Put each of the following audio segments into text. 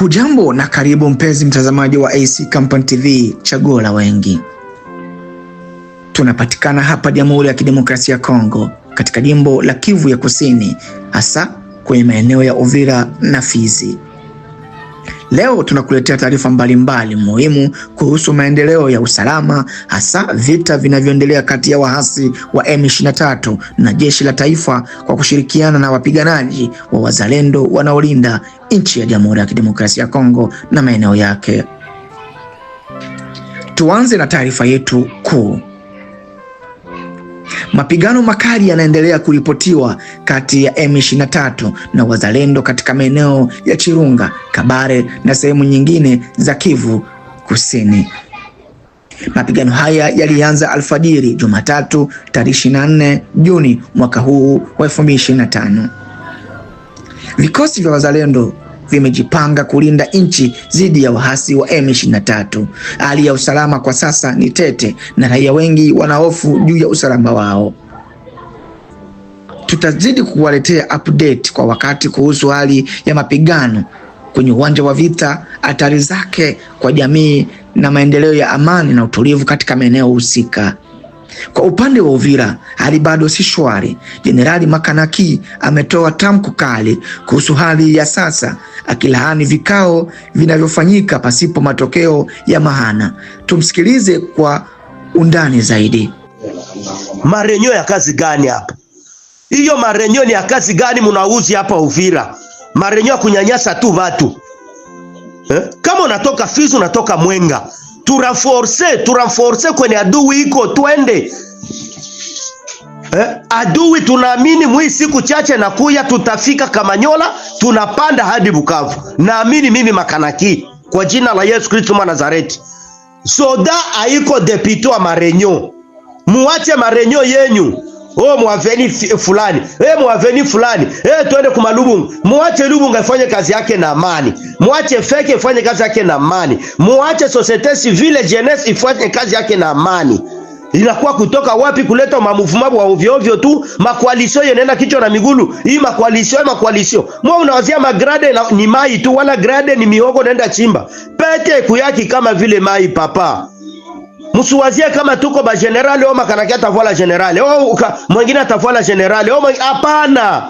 Hujambo na karibu mpenzi mtazamaji wa AC Company TV, chaguo la wengi. Tunapatikana hapa Jamhuri ya Kidemokrasia ya Kongo, katika jimbo la Kivu ya Kusini, hasa kwenye maeneo ya Uvira na Fizi. Leo tunakuletea taarifa mbalimbali muhimu kuhusu maendeleo ya usalama, hasa vita vinavyoendelea kati ya waasi wa M23 na jeshi la taifa kwa kushirikiana na wapiganaji wa wazalendo wanaolinda nchi ya Jamhuri ya Kidemokrasia ya Kongo na maeneo yake. Tuanze na taarifa yetu kuu. Mapigano makali yanaendelea kuripotiwa kati ya M23 na wazalendo katika maeneo ya Chirunga, Kabare na sehemu nyingine za Kivu Kusini. Mapigano haya yalianza alfajiri Jumatatu tarehe 24 Juni mwaka huu wa 2025. Vikosi vya wazalendo vimejipanga kulinda nchi dhidi ya waasi wa M23. Hali ya usalama kwa sasa ni tete na raia wengi wanahofu juu ya usalama wao. Tutazidi kuwaletea update kwa wakati kuhusu hali ya mapigano kwenye uwanja wa vita, athari zake kwa jamii na maendeleo ya amani na utulivu katika maeneo husika. Kwa upande wa Uvira hali bado si shwari. Jenerali Makanaki ametoa tamko kali kuhusu hali ya sasa, akilaani vikao vinavyofanyika pasipo matokeo ya maana. Tumsikilize kwa undani zaidi. Marenyo ya kazi gani hapa? Hiyo marenyo ni ya kazi gani munauzi hapa Uvira? Marenyo ya kunyanyasa tu watu eh? Kama unatoka Fizi, unatoka Mwenga turanforce turanforce kwenye adui iko twende eh? Adui tunaamini mwi siku chache na kuya, tutafika Kamanyola, tunapanda hadi Bukavu. Naamini mimi makanaki kwa jina la Yesu Kristo mwa Nazareti. Soda aiko depito wa marenyo, muwache marenyo yenyu Oh, mwaveni fulani eh, mwaveni fulani eh, twende kwa Lubunga. Muache Lubungu afanye kazi yake na amani, muache feke ifanye kazi yake na amani, muache societe civile jeunesse ifanye kazi yake na amani. Inakuwa kutoka wapi kuleta mamuvumabu wa ovyo ovyo tu, makoalisio yanaenda kichwa na migulu. Hii makoalisio makoalisio, mwa unawazia magrade na, ni mai tu, wala grade ni mihogo naenda chimba pete kuyaki kama vile mai papa Msiwazie kama tuko ba general au makanaki atafuala general au mwingine atafuala general au hapana.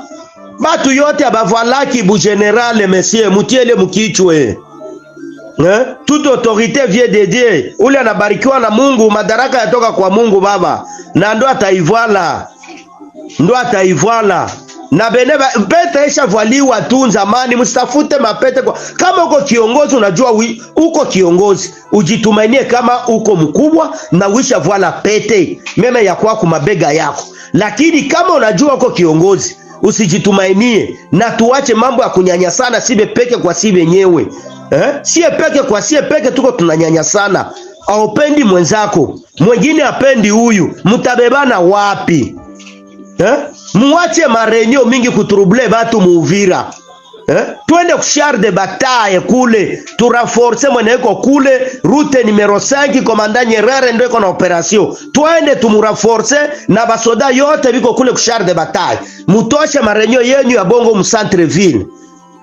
Batu yote abavalaki bu general monsieur mutiele mukichwe. Eh? Toute autorité vient de Dieu. Ule anabarikiwa na Mungu, madaraka yatoka kwa Mungu Baba. Na ndo ataivala. Ndo ataivala na bene pete isha valiwa tu zamani, msitafute mapete kwa. Kama uko kiongozi, unajua wi, uko kiongozi ujitumainie kama uko mkubwa na uisha vwala pete meme ya kwako mabega yako, lakini kama unajua uko kiongozi usijitumainie, na tuache mambo ya kunyanyasana, sibe peke kwa si wenyewe eh? sie peke kwa sie peke, tuko tunanyanyasana. Aupendi mwenzako mwengine apendi huyu, mtabebana wapi? eh? Muache marenio mingi kuturuble batu muuvira eh? Twende kushar de bataye kule turaforce mweneko kule rute numero 5 komanda Nyerere ndio iko na operation. Twende tumuraforce na basoda yote biko kule kushar de bataye, mutoshe marenio yenyu ya bongo msantreville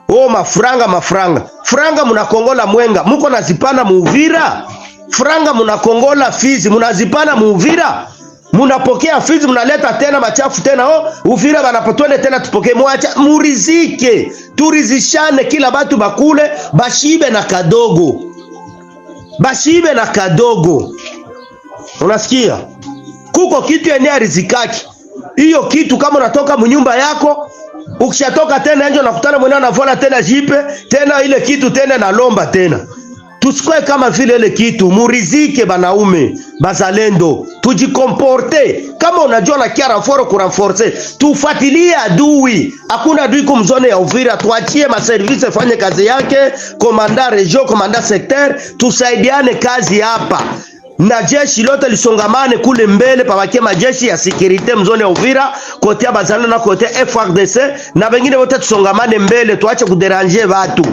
Oh, mafranga mafranga franga munakongola Mwenga, muko nazipana muuvira. Franga munakongola Fizi, munazipana muuvira munapokea fizi, mnaleta tena machafu tena. O oh, Uvira banapotwende tena, tupokee mwacha, murizike, turizishane, kila batu bakule, bashibe na kadogo, bashibe na kadogo. Unasikia, kuko kitu yenye arizikaki hiyo kitu. Kama unatoka mnyumba yako ukishatoka tena nje, unakutana mwenye anavola tena jipe tena ile kitu tena, nalomba tena tusikwe kama vile ile kitu murizike, banaume bazalendo, tujikomporte kama unajua na kia raforo kuranforce, tufuatilie adui. Hakuna adui kumzone ya Uvira, tuachie maservise fanye kazi yake, komanda region, komanda secteur, tusaidiane kazi hapa na jeshi lote lisongamane kule mbele pabakie majeshi ya sekurite mzone ya Uvira kote ya bazalendo na kote FRDC na bengine wote tusongamane mbele, tuache kuderanje watu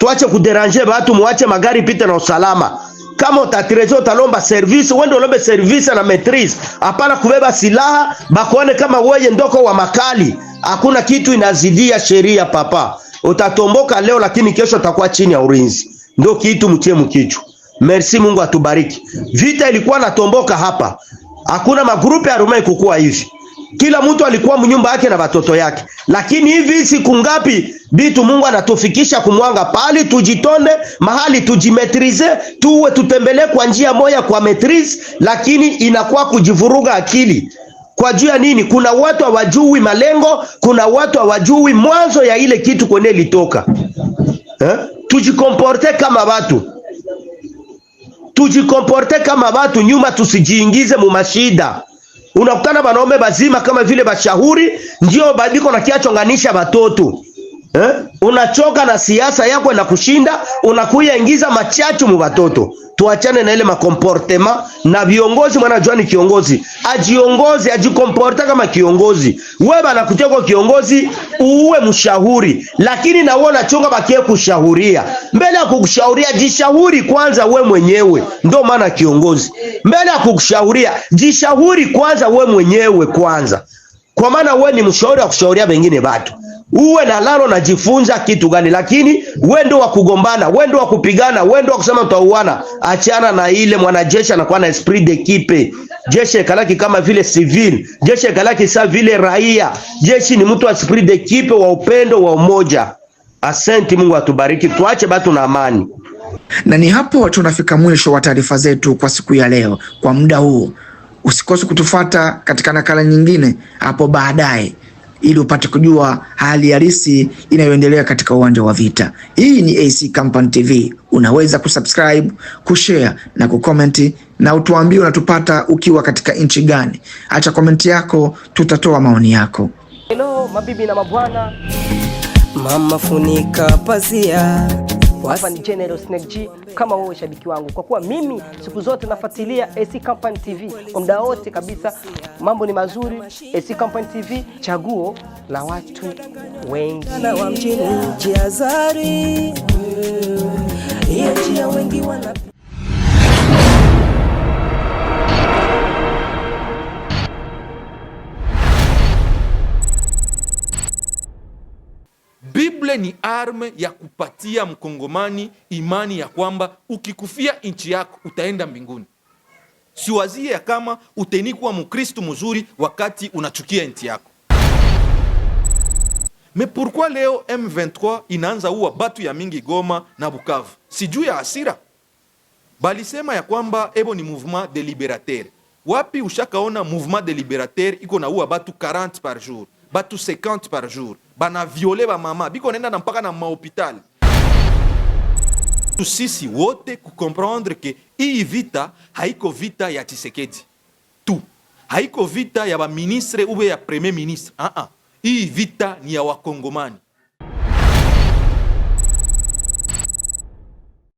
tuache kuderanger batu, muache magari pite na usalama. Kama utatreze utalomba service, wende ulombe service na maitrise, hapana kubeba silaha bakuone kama weye ndoko wa makali. Hakuna kitu inazidia sheria papa, utatomboka leo lakini kesho utakuwa chini ya ulinzi. Ndio kitu mtie mkichwa. Merci, Mungu atubariki. Vita ilikuwa natomboka hapa, hakuna magrupe ya rumai kukua hivi, kila mtu alikuwa mnyumba yake na watoto yake, lakini hivi siku ngapi bitu Mungu anatufikisha kumwanga pali, tujitonde mahali tujimetrize, tuwe tutembele kwa njia moya kwa metrize, lakini inakuwa kujivuruga akili kwa juu ya nini? Kuna watu hawajui malengo, kuna watu hawajui mwanzo ya ile kitu kwenye litoka eh? Tujikomporte kama watu, tujikomporte kama watu nyuma, tusijiingize mumashida. Unakutana wanaume bazima kama vile bashahuri ndio badiko na kiachonganisha watoto Eh? Unachoka na siasa yako na kushinda, unakuya ingiza machachu mu watoto. Tuachane na ile makomportema na viongozi. Mwana jua ni kiongozi, ajiongozi ajikomporta kama kiongozi. Wewe bana kucheka kiongozi, uwe mshauri, lakini na wewe unachonga bakie kushauria. Mbele ya kukushauria, jishauri kwanza wewe mwenyewe. Ndio maana kiongozi. Mbele ya kukushauria, jishauri kwanza wewe mwenyewe kwanza. Kwa maana we ni mshauri wa kushauria wengine watu uwe na lalo najifunza kitu gani? Lakini wewe ndio wa kugombana, wewe ndio wa kupigana, wewe ndio wa kusema tutauana. Achana na ile mwanajeshi anakuwa na esprit d'equipe. Jeshi kalaki kama vile civil, jeshi kalaki sa vile raia. Jeshi ni mtu wa esprit d'equipe, wa upendo, wa umoja. Asante, Mungu atubariki, tuache batu na amani. Na ni hapo tunafika mwisho wa taarifa zetu kwa siku ya leo, kwa muda huu. Usikose kutufata katika nakala nyingine hapo baadaye ili upate kujua hali halisi inayoendelea katika uwanja wa vita. Hii ni AC Company TV. Unaweza kusubscribe, kushare na kucomment na utuambie unatupata ukiwa katika nchi gani. Acha komenti yako, tutatoa maoni yako. Hello, mabibi na mabwana. Mama funika pazia hapa ni General Snake G, kama wewe shabiki wangu, kwa kuwa mimi siku zote nafuatilia AC Company TV kwa muda wote kabisa. Mambo ni mazuri, AC Company TV, chaguo la watu wengi wa mjini, njia zari, wengi wana ule ni arme ya kupatia mkongomani imani ya kwamba ukikufia nchi yako utaenda mbinguni. Siwazie ya kama utenikuwa mukristu mzuri wakati unachukia nchi yako. Me pourquoi leo M23 inaanza uwa batu ya mingi Goma na Bukavu? Si juu ya asira balisema ya kwamba ebo ni mouvement deliberatere. Wapi ushakaona mouvement deliberatere iko na uwa batu 40 par jour, batu 50 par jour bana viole ba mama biko naenda na mpaka na mahopitali. Sisi wote kukomprendre ke hii vita haiko vita ya Tshisekedi tu, haiko vita ya baministre ube ya premier ministre. Ah, ah, hii vita ni ya wakongomani.